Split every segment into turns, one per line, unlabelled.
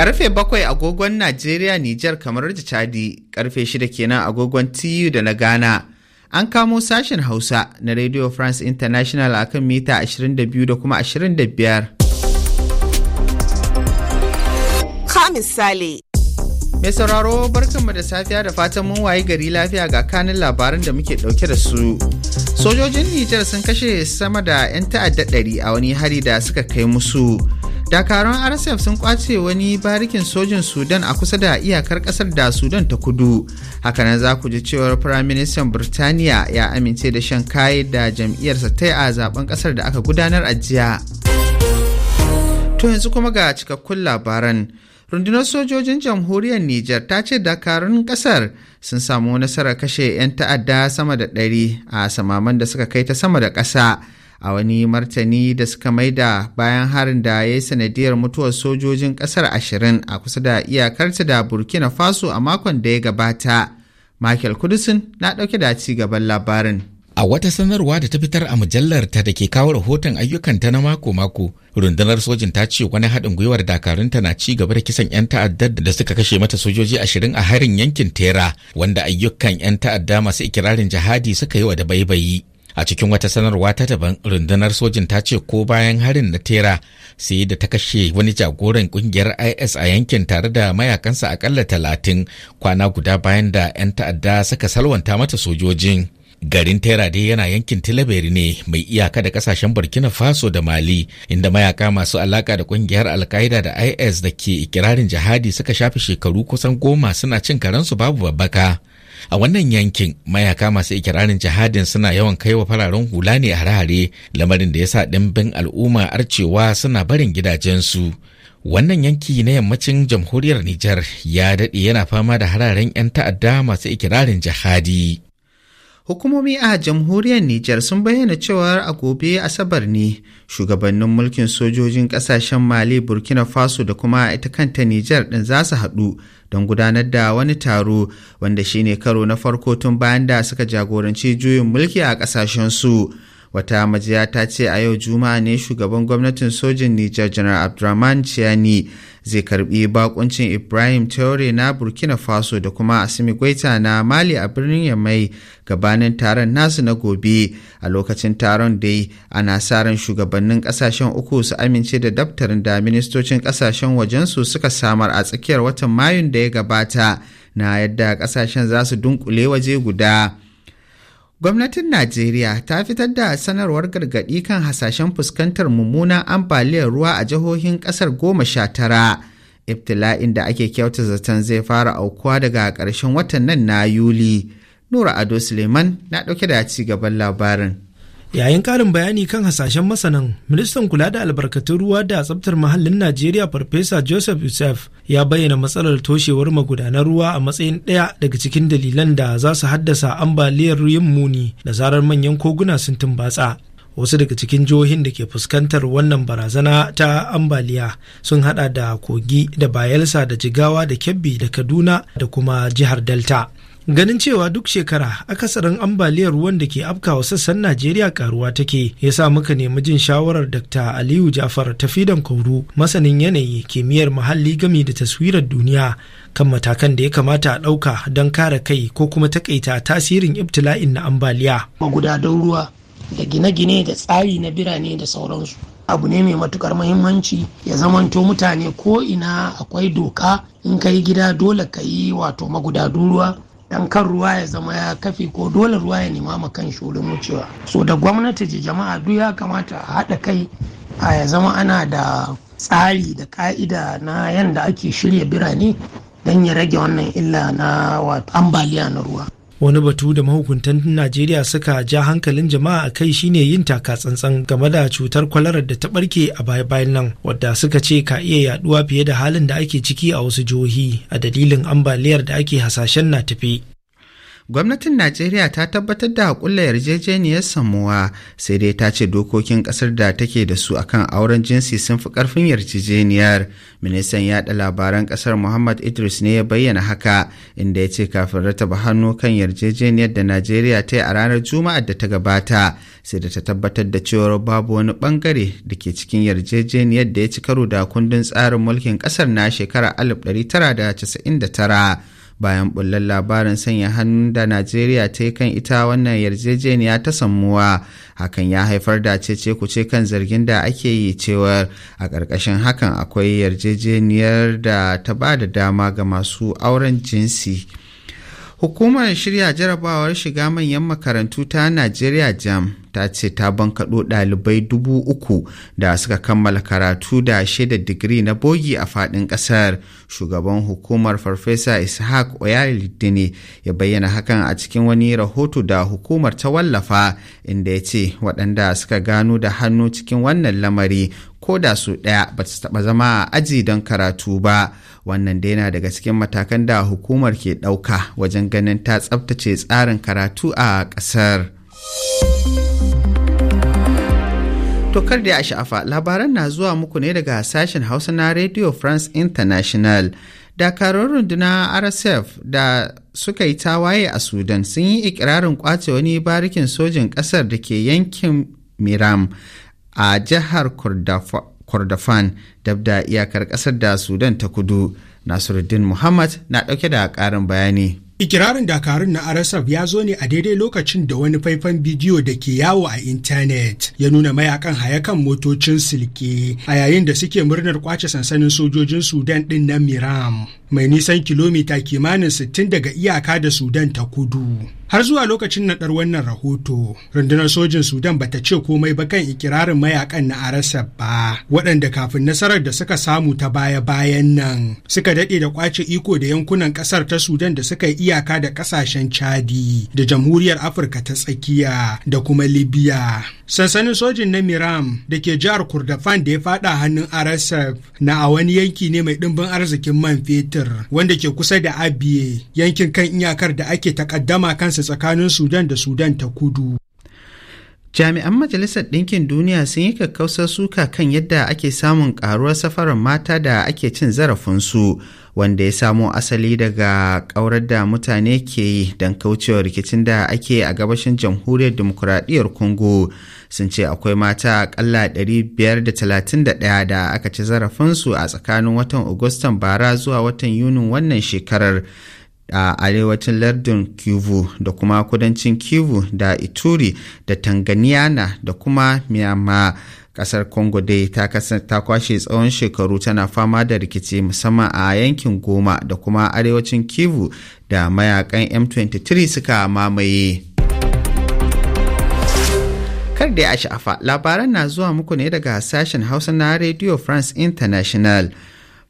Karfe bakwai agogon Najeriya Nijar kamar da Chadi, karfe shida kenan agogon TU da na Ghana. An kamo sashen Hausa na Radio France International a kan mita 22 da kuma
25. Ka misali.
Mai sauraro barkanmu da safiya da fatan mun wayi gari lafiya ga kanin labaran da muke dauke da su. Sojojin Nijar sun kashe sama da 'yan ta'adda ɗari a wani hari da suka kai musu. dakarun rsf sun kwace wani barikin sojin sudan a kusa da iyakar kasar da sudan ta kudu hakanan za ku ji cewar firaministan birtaniya ya amince da shan kayi da jam'iyyarsa ta a zaben kasar da aka gudanar a jiya to yanzu kuma ga cikakkun labaran rundunar sojojin jamhuriyar Niger ta ce dakarun kasar sun samu nasarar kashe 'yan ta'adda sama da ɗari a samaman da suka kai ta sama da ƙasa a wani martani da suka maida bayan harin da ya yi sanadiyar mutuwar sojojin kasar ashirin a kusa da iyakarta da burkina faso a makon da ya gabata michael kudusin na ɗauke da ci gaban labarin a wata sanarwa da ta fitar a mujallar ta da ke kawo rahoton ayyukanta na mako-mako rundunar sojin ta ce wani haɗin gwiwar dakarunta na ci gaba da kisan 'yan ta'addar da suka kashe mata sojoji ashirin a harin yankin tera wanda ayyukan 'yan ta'adda masu ikirarin jihadi suka yi wa da baibayi a cikin wata sanarwa ta daban rundunar sojin ta ce ko bayan harin na tera sai da ta kashe wani jagoran kungiyar is a yankin tare da mayakansa akalla talatin kwana guda bayan da 'yan ta'adda suka salwanta mata sojojin garin tera dai yana yankin tilaberi ne mai iyaka da kasashen burkina faso da mali inda mayaka masu alaka da kungiyar alkaida da is da ke ikirarin jihadi suka shafe shekaru kusan goma suna cin karensu babu babbaka a wannan yankin mayaka masu ikirarin jihadin suna yawan kai wa fararen hula ne a hare lamarin da ya sa ɗimbin al'umma arcewa suna barin gidajensu wannan yanki na yammacin jamhuriyar nijar ya daɗe yana fama da hararen 'yan ta'adda masu ikirarin jihadi Hukumomi a jamhuriyar Nijar sun bayyana cewa a gobe Asabar ne shugabannin mulkin sojojin kasashen Mali, Burkina Faso da kuma ita kanta Nijar ɗin za su haɗu don gudanar da wani taro wanda shine karo na farko tun bayan da suka jagoranci juyin mulki a ƙasashensu. su. wata majiya ta ce a yau juma'a ne shugaban gwamnatin sojin nijar janar abdurrahman chiani zai karbi bakuncin ibrahim teore na burkina faso da kuma asimi gwaita na mali a birnin yamai gabanin taron nasu na gobe a lokacin taron dai ana sa ran shugabannin kasashen uku su amince da daftarin da ministocin kasashen wajensu suka samar a tsakiyar watan mayun da ya gabata na yadda kasashen za su dunkule waje guda Gwamnatin Najeriya ta fitar da sanarwar gargaɗi kan hasashen fuskantar mummunan ambaliyar ruwa a jihohin ƙasar goma sha tara. Ibtila'in da ake kyauta zaton zai fara aukuwa daga ƙarshen watan nan na Yuli. Nura Ado Suleiman na ɗauke
da ci gaban labarin. Yayin karin bayani kan hasashen masanan, ministan kula da albarkatun ruwa da tsabtar muhallin Najeriya Farfesa Joseph Yusuf ya bayyana matsalar toshewar magudanar ruwa a matsayin ɗaya daga cikin dalilan da za su haddasa ambaliyar yin muni da zarar manyan koguna sun tumbatsa. Wasu daga cikin jihohin da ke fuskantar wannan barazana ta ambaliya sun hada da Kogi da Bayelsa da Jigawa da Kebbi da Kaduna da kuma jihar Delta. ganin cewa duk shekara akasarin ambaliyar ruwan da ke afkawa sassan najeriya karuwa take ya sa muka nemi jin shawarar dr aliyu jafar tafidan kauru masanin yanayi kimiyyar muhalli gami da taswirar duniya kan matakan da ya kamata a ɗauka don kare kai ko kuma takaita tasirin ibtila'in na ambaliya magudadan ruwa da gine-gine da tsari na birane da sauransu abu ne mai matukar mahimmanci ya zamanto mutane ko ina akwai doka in kayi gida dole ka yi wato magudadun ruwa dan kan ruwa ya zama ya kafe ko dole ruwa ya nema ma kan wurin wucewa so da gwamnati da jama'a duk ya kamata a haɗa kai a ya zama ana da tsari da ka'ida na yadda ake shirya birane don ya rage wannan illa na ambaliya na ruwa wani batu da mahukuntan najeriya suka ja hankalin jama'a a kai shine yin taka tsantsan game da cutar kwalarar da ta barke a baya-bayan nan wadda suka ce ka iya yaduwa fiye da halin da ake ciki a wasu jihohi a dalilin ambaliyar da ake hasashen na tafi Gwamnatin Najeriya ta tabbatar da
hakulla yarjejeniyar samuwa sai dai ta ce dokokin ƙasar da take da su akan auren jinsi sun fi karfin yarjejeniyar. Ministan yaɗa labaran ƙasar Muhammad Idris ne ya bayyana haka inda ya ce kafin rataba hannu kan yarjejeniyar da Najeriya ta yi a ranar Juma'ar da ta gabata sai da ta tabbatar da cewar babu wani bangare da ke cikin yarjejeniyar da ya ci karo da kundin tsarin mulkin ƙasar na shekarar 1999. bayan bullar labarin sanya hannun da najeriya ta yi kan ita wannan yarjejeniya ta samuwa hakan ya haifar da cece kuce kan zargin da ake yi cewar a ƙarƙashin hakan akwai yarjejeniyar da ta ba da dama ga masu auren jinsi Hukumar shirya jarabawar shiga manyan makarantu ta Najeriya Jam ta ce ta bankaɗo ɗalibai dubu uku da suka kammala karatu da shaidar digiri na bogi a faɗin ƙasar. Shugaban hukumar Farfesa Ishaq ne ya bayyana hakan a cikin wani rahoto da hukumar ta wallafa inda ya ce waɗanda suka gano da hannu cikin wannan lamari ko da su ɗaya ba su taɓa zama a aji don karatu ba wannan da yana daga cikin matakan da hukumar ke ɗauka wajen ganin ta tsabtace tsarin karatu a ƙasar. Tokar da ya sha'afa labaran na zuwa muku ne daga sashen Hausa na Radio France International. Dakarun runduna RSF da suka yi tawaye a Sudan sun yi ikirarin kwace wani barikin sojin ƙasar da ke yankin Miram a jihar kordofan dabda iyakar kasar da sudan ta kudu nasiruddin muhammad na dauke da karin bayani
Ikirarin dakarun na RSF ya zo ne a daidai lokacin da wani faifan bidiyo da ke yawo a intanet ya nuna mayakan hayakan motocin silke a yayin da suke murnar kwace sansanin sojojin Sudan din na Miram. mai nisan kilomita kimanin 60 daga iyaka da Sudan ta kudu. har zuwa lokacin naɗar wannan rahoto rundunar sojin sudan bata ce komai ba kan ikirarin mayakan na arasab ba waɗanda kafin nasarar da suka samu ta baya bayan nan suka daɗe da kwace iko da yankunan ƙasar ta sudan da suka yi iyaka da ƙasashen chadi da jamhuriyar afirka ta tsakiya da kuma libya sansanin sojin na miram da ke jihar kurdafan da ya faɗa hannun arasab na a wani yanki ne mai ɗimbin arzikin man fetur Alfashir wanda ke kusa da Abiye yankin kan iyakar da ake takaddama kansa tsakanin Sudan da Sudan ta kudu. Jami'an Majalisar Ɗinkin Duniya sun yi kakkausar suka kan yadda
ake samun ƙaruwar safarar mata da ake cin zarafinsu wanda ya samo asali daga ƙaurar da mutane ke yi don kaucewa rikicin da ake a gabashin jamhuriyar demokuraɗiyyar congo sun ce akwai mata akalla 531 da aka ci zarafinsu a tsakanin watan agustan bara zuwa watan yunin wannan shekarar a arewacin lardin kivu da kuma kudancin kivu da ituri da tanganiyana da kuma myanmar kasar congo dai ta kwashe tsawon shekaru tana fama da rikici musamman a yankin goma da kuma arewacin kivu da mayakan m23 suka mamaye kar da ya sha'afa labaran na zuwa muku ne daga sashen hausa na radio france international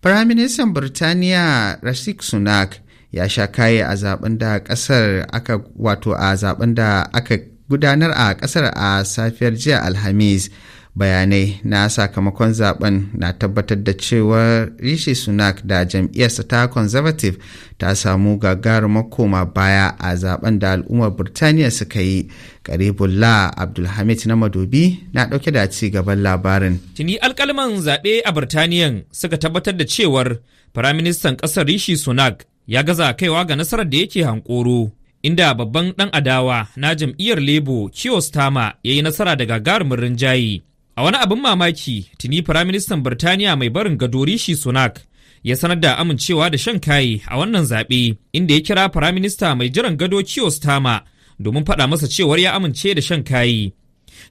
firaministan birtaniya rasik sunak ya sha kaye a zaben da kasar aka wato a zaben da aka gudanar a kasar a safiyar jiya alhamis bayanai na sakamakon zaben na tabbatar da cewa rishi sunak da jam'iyyarsa ta conservative ta samu gagarumar koma baya a zaben da al'ummar birtaniya suka yi karibullah abdulhamid na madobi na dauke da ci gaban labarin
tuni alkalman zaɓe a birtaniyan suka tabbatar da cewar firaministan ƙasar rishi sunak ya gaza kaiwa ga nasarar da yake hankoro inda babban ɗan adawa na jam'iyyar lebo kiyo stama ya yi nasara da gagarumin rinjaye A wani abin mamaki, tuni Firaministan Birtaniya mai barin gado Rishi Sunak ya sanar da amincewa da shan kayi a wannan zaɓe, inda ya kira Firaminista mai jiran gado Kiyos Starmer domin faɗa masa cewar ya amince da shan kayi.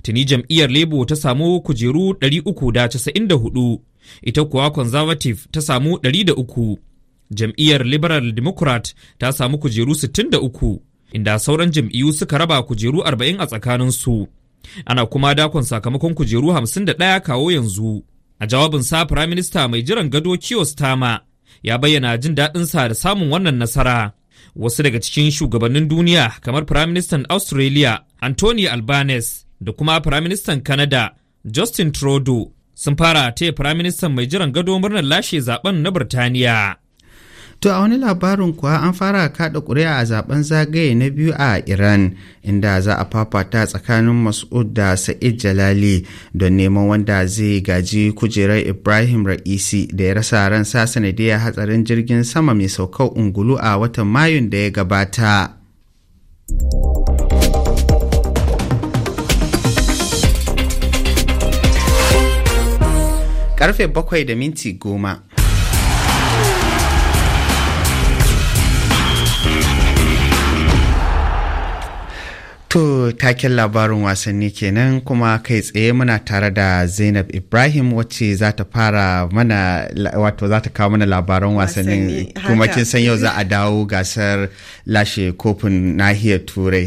Tuni jam'iyyar Labour ta samu kujeru da 394, ita kuwa Conservative ta samu 103. Jam'iyyar Liberal Democrat ta samu kujeru 63, inda sauran jam'iyyu suka raba kujeru 40 a tsakaninsu. Ana kuma dakon sakamakon kujeru hamsin da ɗaya kawo yanzu. A jawabinsa Firaminista mai jiran gado Kiyo Stama ya bayyana jin daɗinsa da samun wannan nasara. Wasu daga cikin shugabannin duniya kamar Firaministan Australia Anthony Albanese da kuma Firaministan Canada Justin Trudeau sun fara taya Firaministan mai jiran gado murnar lashe zaben na Birtaniya. To a wani
labarin kuwa an fara kada ƙuri'a a zaben zagaye na biyu a Iran inda za a fafata tsakanin Mas'ud da Sa'id Jalali don neman wanda zai gaji kujerar Ibrahim Ra'isi da ya rasa ransa sanadiyar hatsarin jirgin sama mai saukar ungulu a watan Mayun da ya gabata. Karfe bakwai da minti goma. To taken labarin wasanni kenan kuma kai tsaye muna tare da Zainab Ibrahim wacce za ta fara mana wato za ta kawo mana labaran wasannin kuma kin san yau za a dawo gasar lashe kofin nahiyar turai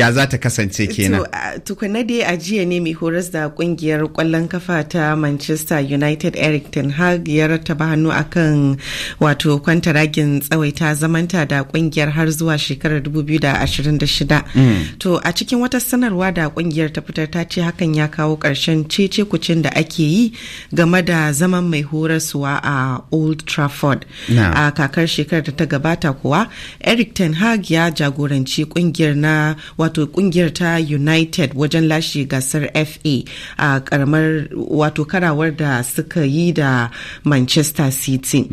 ya za ta kasance kenan.
Tukuna dai a ne mai horas da kungiyar kwallon kafa ta Manchester United Eric Ten Hag ya rattaba hannu akan wato kwantaragin tsawaita zamanta da kungiyar har zuwa shekarar 2026. Mm. To a cikin wata sanarwa da kungiyar ta fitar ta ce hakan ya kawo ƙarshen cece kucin da ake yi game da zaman mai horaswa a Old Trafford. A kakar shekarar da ta gabata kuwa Eric Ten Hag ya jagoranci kungiyar na wato kungiyar ta United wajen lashe gasar FA a karamar wato karawar da suka yi da Manchester City.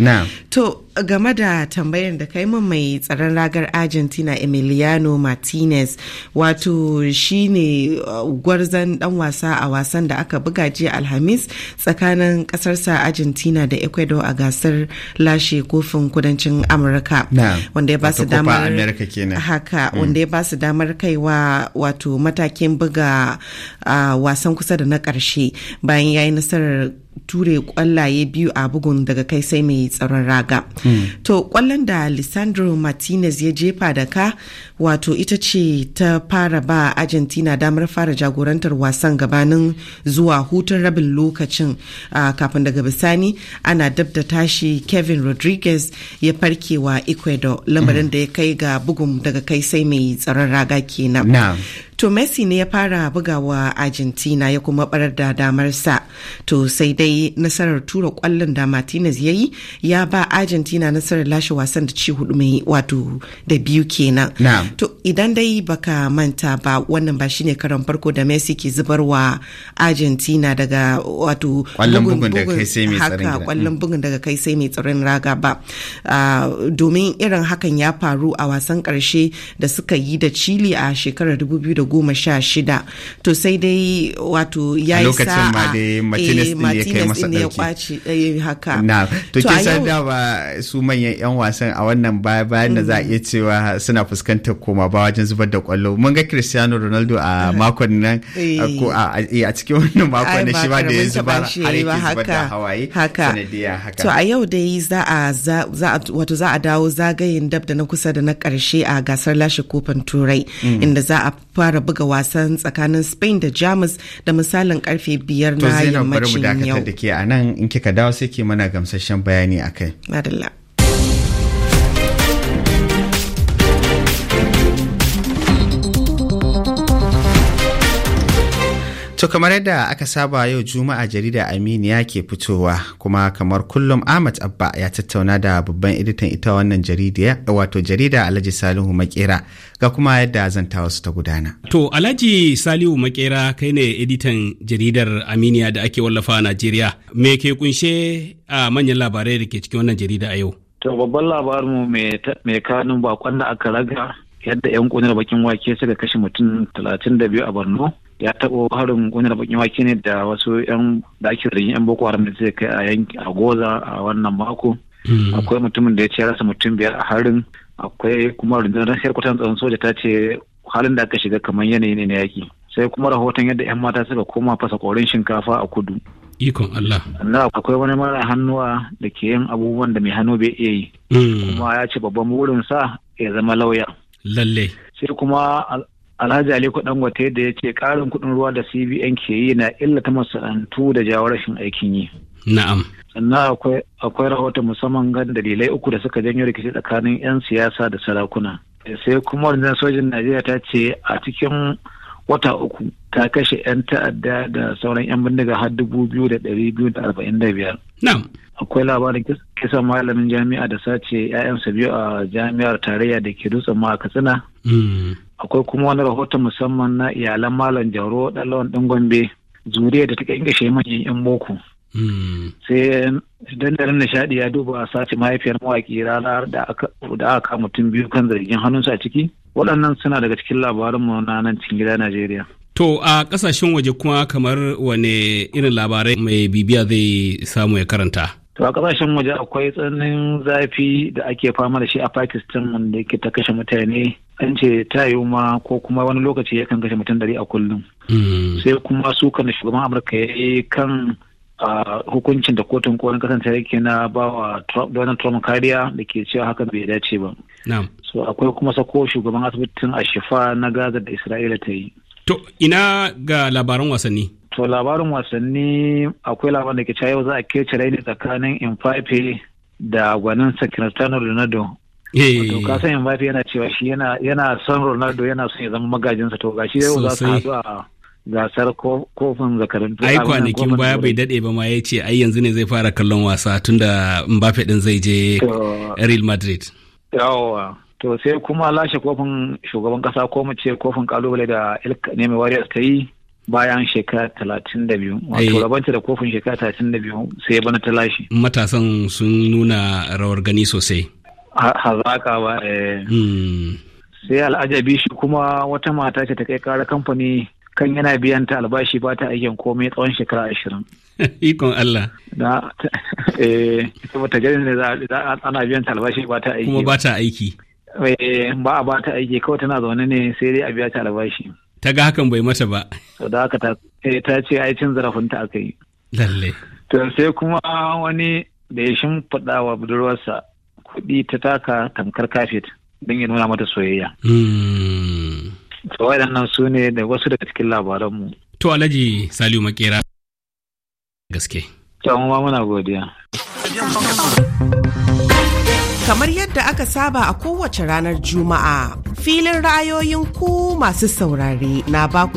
To game da tambayar da kai min mai tsaron ragar argentina emiliano martinez wato shine uh, gwarzon dan wasa a wasan da aka buga jiya alhamis tsakanin kasarsa argentina da ecuador a gasar lashe kofin kudancin amurka wanda ya ba su damar haka mm. wanda ya ba su damar kaiwa wato matakin buga uh, wasan kusa da na karshe bayan ya yi nasarar ture kwallaye biyu a bugun daga kai sai mai tsaron raga. Hmm. To kwallon da alessandro Martinez ya jefa da ka wato ita ce ta fara ba Argentina damar fara jagorantar wasan gabanin zuwa hutun rabin lokacin kafin daga bisani ana dab da tashi Kevin Rodriguez ya farke wa Ecuador lamarin hmm. da ya kai ga bugun daga kai sai mai tsaron raga kenan. To Messi ne ya fara bugawa Argentina ya kuma barar da damarsa. To sai dai nasarar tura kwallon da Martinez ya yi ya ba Argentina nasarar lashe wasan da ci hudu mai wato da biyu kenan. To idan dai baka manta ba wannan ba shine karan farko da Messi ke zubarwa Argentina daga wato kwallon bugun mm. daga kai sai mai tsaron raga. ba. Ah, domin irin hakan ya faru a wasan karshe da suka yi da Chile a shekarar goma sha shida to sai dai wato ya yi sa'a ma dai martinez din eh, ya kai masa ya kwaci ya eh, yi haka na to ke san
dama su
manyan yan wasan a wannan
baya bayan da za a mm. iya cewa suna fuskantar koma ba wajen zubar da kwallo mun ga cristiano ronaldo a makon nan eh. ko a cikin wannan makon na shi ba da ya zubar har yake zubar da hawaye haka to a
yau dai za a wato za a dawo zagayen dab da na kusa da na karshe a gasar lashe kofin turai mm. inda za a fara buga wasan tsakanin Spain da Jamus da misalin karfe biyar na yammacin yau. To Zainab bari mu dakatar da
ke a nan in kika dawo sai ke mana gamsashen bayani akai. Madalla. To kamar yadda aka saba yau Juma'a jarida Aminiya ke fitowa kuma kamar kullum Ahmad Abba ya tattauna da babban editan ita wannan jarida wato jarida Alhaji Salihu Makera ga kuma yadda ta wasu ta gudana.
To Alhaji Salihu Makera kai ne editan jaridar Aminiya da ake wallafa a Najeriya. Me ke kunshe a manyan labarai da ke cikin wannan jarida a yau?
To babban labarin mai kanun bakon da aka raga yadda 'yan kunar bakin wake suka kashe mutum talatin da biyu a borno ya taɓo harin kunar bakin wake ne da wasu 'yan da ake zargin 'yan boko haram da suka kai a a goza a wannan mako hmm. akwai mutumin da ya ce rasa mutum biyar a harin akwai kuma rundunar sayar tsaron soja ta ce halin da aka shiga kamar yanayi ne na yaki. sai kuma rahoton yadda 'yan mata suka koma fasa korin shinkafa a kudu ikon Allah. Na akwai wani mara hannuwa da ke yin abubuwan da mai hannu bai iya yi. Hmm. Kuma ya ce babban sa ya zama lauya. Lalle. Sai kuma Alhaji Aliko Dangote da ya ce ƙarin kuɗin ruwa da CBN ke yi na illata masana'antu da jawo rashin aikin yi. Na'am. Sannan akwai rahoton musamman gan dalilai uku da suka janyo rikici tsakanin 'yan siyasa da sarakuna. Sai kuma rundunar sojin Najeriya ta ce a cikin wata uku ta kashe 'yan ta'adda da sauran 'yan bindiga har dubu biyu da ɗari biyu da arba'in da biyar. Na'am. akwai labarin kisa malamin jami'a da sace 'ya'yansa biyu a jami'ar tarayya da ke dutsen ma katsina hmm. akwai kuma wani rahoton musamman na iyalan malam jauro dalawan dan gombe zuriya da take ingashe yin 'yan boko hmm. sai dandalin nishadi ya duba a sace mahaifiyar mawaki ranar da aka aka mutum biyu kan zargin hannunsu a ciki waɗannan suna daga cikin mu na nan cikin gida najeriya
To a ƙasashen waje kuma kamar wane irin labarai mai bibiya zai samu ya karanta?
to a kasashen waje akwai tsananin zafi da ake fama da shi a pakistan wanda ke ta kashe mutane an ce ta yi ma ko kuma wani lokaci yakan kashe mutum dari a kullum hmm. sai kuma su kan shugaban amurka ya yi kan hukuncin da kotun kolin kasance yake na ba wa donald trump kariya da ke cewa hakan bai dace ba so akwai kuma sako shugaban asibitin a shifa na gaza da isra'ila ta yi to ina
ga labaran wasanni
to labarin wasanni akwai labarin da ke cewa yau za a kece raini tsakanin Mbappe da gwanin Cristiano Ronaldo
eh. to ka
san yana cewa shi yana son Ronaldo yana son ya zama magajinsa to gashi yau za su haɗu a gasar kofin zakarin ai kwanakin baya bai
dade ba ma yace ce ai yanzu ne zai fara kallon wasa tunda Mbappe din zai je Real Madrid
yawa to sai kuma lashe kofin shugaban kasa ko mu ce kofin kalubale da El Neme Warriors ta yi bayan shekara talatin da biyu wato rabanta da kofin shekara talatin da biyu sai ya bana ta lashe
matasan sun nuna rawar gani sosai
hazaka ba eh.
hmm.
sai al'ajabi shi kuma wata mata ce ta kai kara kamfani kan yana biyan ta albashi ba ta aikin komai tsawon shekara ashirin
ikon Allah
da eh ta gani ne za ana biyan ta albashi ba ta aiki kuma ba ta aiki eh, ba a ba ta aiki kawai tana zaune ne sai dai a biya ta albashi
ta ga hakan bai mata ba
to da haka eh, ta ce ai cin zarafinta aka yi lalle to sai kuma wani da ya shimfiɗa wa budurwarsa kuɗi ta taka tamkar kafet don ya nuna mata soyayya
hmm.
to waɗannan su ne da wasu daga cikin labaranmu
to alhaji saliu makera gaske to
muna godiya
Kamar yadda aka saba a kowace ranar Juma'a, filin ra'ayoyin ku masu saurare na baku